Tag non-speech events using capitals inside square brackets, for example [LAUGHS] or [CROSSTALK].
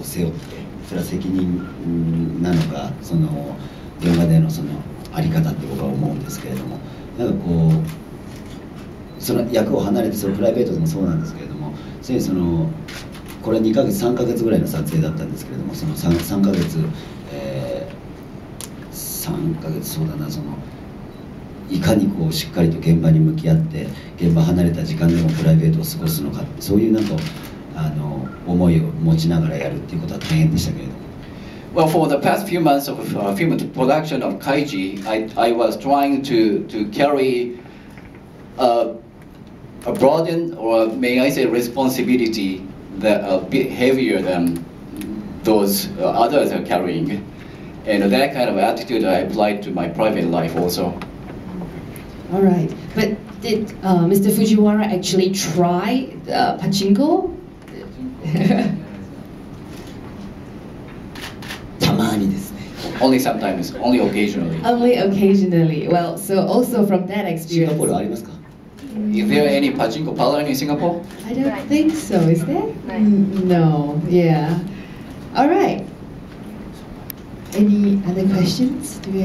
う背負ってそれは責任なのかその現場でのその在り方って僕は思うんですけれどもなんかこうその役を離れてそのプライベートでもそうなんですけれども常にそのこれ2ヶ月3ヶ月ぐらいの撮影だったんですけれどもその 3, 3ヶ月、えー、3ヶ月そうだなそのいかにこうしっかりと現場に向き合って現場離れた時間でもプライベートを過ごすのかそういうなんかあの思いを持ちながらやるっていうことは大変でしたけれども。Well, for the past few months of uh, film production of Kaiji, I, I was trying to, to carry a, uh, a burden, or may I say responsibility, that a uh, bit heavier than those uh, others are carrying. And that kind of attitude I applied to my private life also. All right. But did uh, Mr. Fujiwara actually try uh, pachinko [LAUGHS] only sometimes, only occasionally. Only occasionally. Well, so also from that experience. Singapore ありますか? Is there any pachinko parlor in Singapore? I don't right. think so. Is there? Right. Mm, no. Yeah. All right. Any other questions? Do we